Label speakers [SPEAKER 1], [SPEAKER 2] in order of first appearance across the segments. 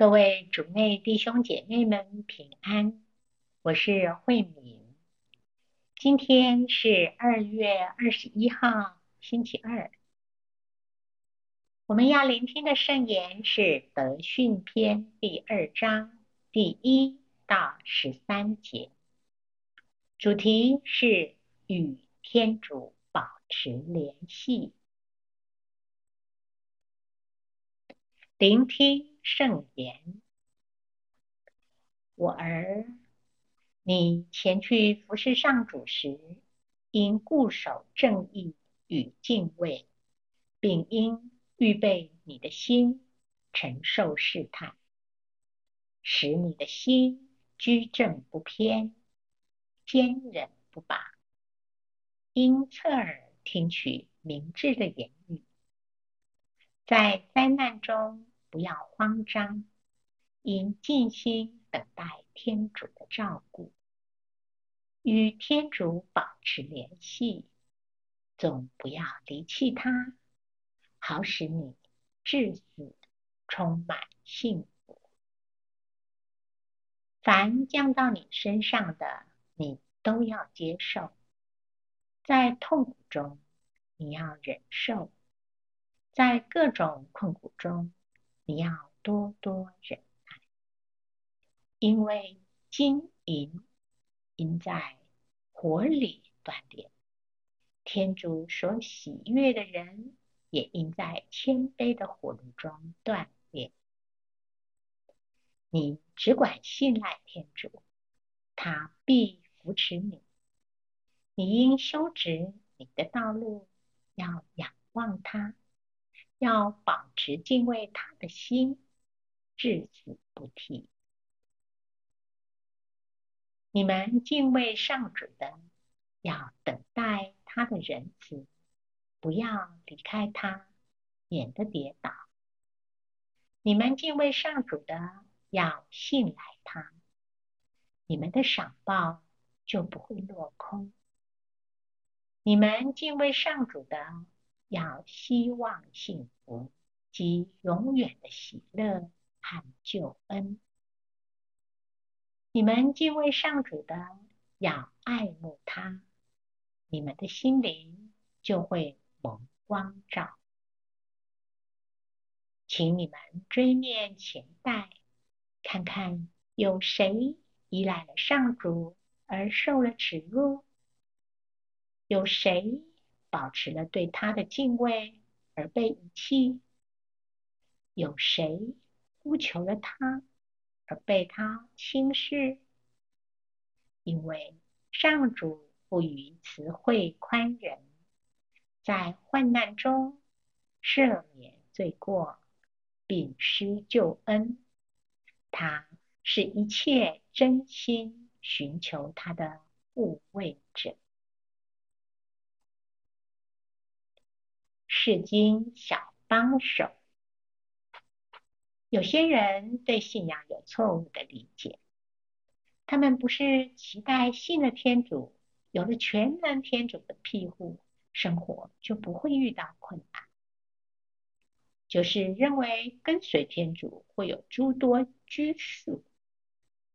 [SPEAKER 1] 各位主內弟兄姐妹們平安，我是慧敏。今天是二月二十一號，星期二。我們要聆聽的聖言是《德訓篇》第二章第一到十三節，主題是與天主保持聯繫。聆聽。聖言，我兒，你前去服侍上主時，應固守正義與敬畏，並應預備你的心承受試探，使你的心居正不偏，堅忍不拔。應側耳聽取明智的言語，在災難中。不要慌張，應靜心等待天主的照顧，與天主保持聯繫，總不要離棄他，好使你至死充滿幸福。凡降到你身上的，你都要接受；在痛苦中，你要忍受；在各種困苦中，你要多多忍耐，因為金銀應在火裡鍛鍊，天主所喜悅的人也應在謙卑的火爐中鍛鍊。你只管信賴天主，他必扶持你。你應修直你的道路，要仰望他。要保持敬畏他的心，至死不替。你們敬畏上主的，要等待他的仁慈，不要離開他，免得跌倒。你們敬畏上主的，要信賴他，你們的賞報就不會落空。你們敬畏上主的。要希望幸福及永遠的喜樂和救恩。你們敬畏上主的，要愛慕他，你們的心靈就會蒙光照。請你們追念前代，看看有誰依賴了上主而受了恥辱。有誰？保持了對他的敬畏而被遺棄，有誰呼求了他而被他輕視？因為上主賦予慈惠寬仁，在患難中赦免罪過，秉施救恩，他是一切真心尋求他的護衛者。聖經小幫手。有些人對信仰有錯誤的理解，他們不是期待信了天主，有了全能天主的庇護，生活就不會遇到困難，就是認為跟隨天主會有諸多拘束，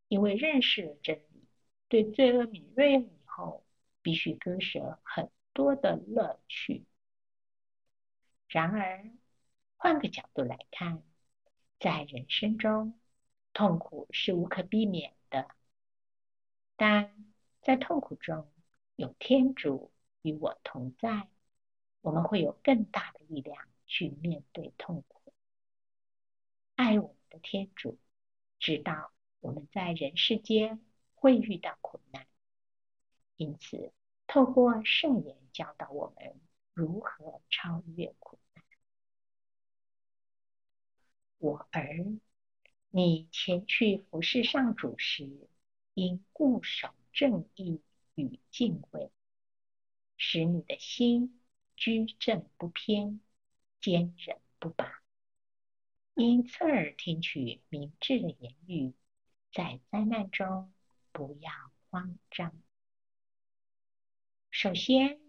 [SPEAKER 1] 因為認識了真理，對罪惡敏銳了以後，必須割捨很多的樂趣。然而，換個角度來看，在人生中，痛苦是無可避免的。但在痛苦中有天主與我同在，我們會有更大的力量去面對痛苦。愛我們的天主知道我們在人世間會遇到苦難，因此透過聖言教導我們如何超越苦。我兒，你前去服侍上主時，應固守正義與敬畏，使你的心居正不偏，堅忍不拔。應側耳聽取明智的言語，在災難中不要慌張。首先，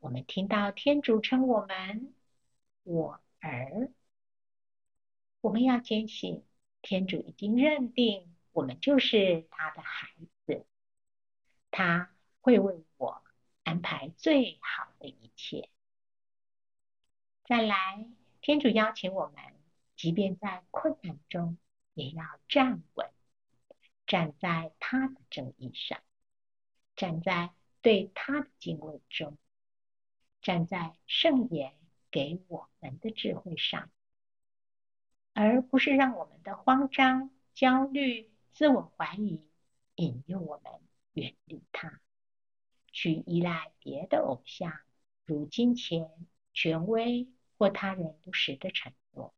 [SPEAKER 1] 我們聽到天主稱我們“我兒”。我們要堅信，天主已經認定我們就是他的孩子，他會為我安排最好的一切。再來，天主邀請我們，即便在困難中，也要站穩，站在他的正義上，站在對他的敬畏中，站在聖言給我們的智慧上。而不是讓我們的慌張、焦慮、自我懷疑引誘我們遠離他，去依賴別的偶像，如金錢、權威或他人不實的承諾。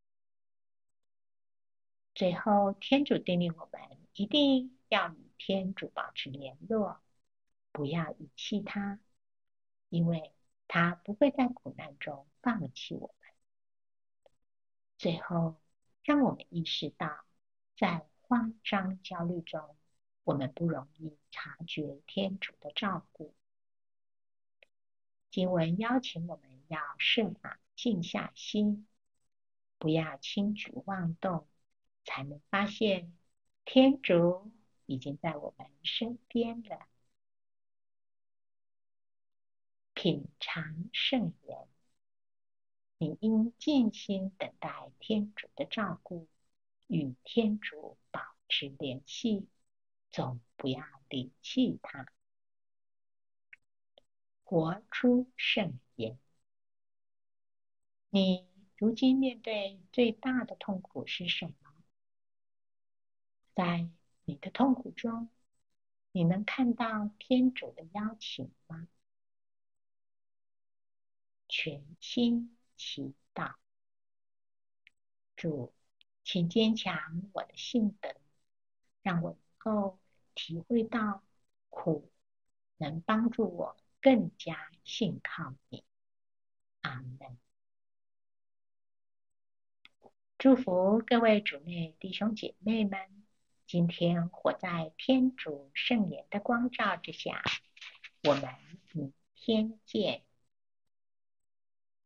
[SPEAKER 1] 最後，天主命令我們一定要與天主保持聯絡，不要遺棄他，因為他不會在苦難中放棄我們。最後。讓我們意識到，在慌張焦慮中，我們不容易察覺天主的照顧。經文邀請我們要設法、啊、靜下心，不要輕舉妄動，才能發現天主已經在我們身邊了。品嘗聖言。你應盡心等待天主的照顧，與天主保持聯繫，總不要離棄他。活出聖言。你如今面對最大的痛苦是什麼？在你的痛苦中，你能看到天主的邀請嗎？全心。祈禱，主，請堅強我的信德，讓我能夠體會到苦，能幫助我更加信靠你。阿門。祝福各位主內弟兄姐妹們，今天活在天主聖言的光照之下，我們明天見。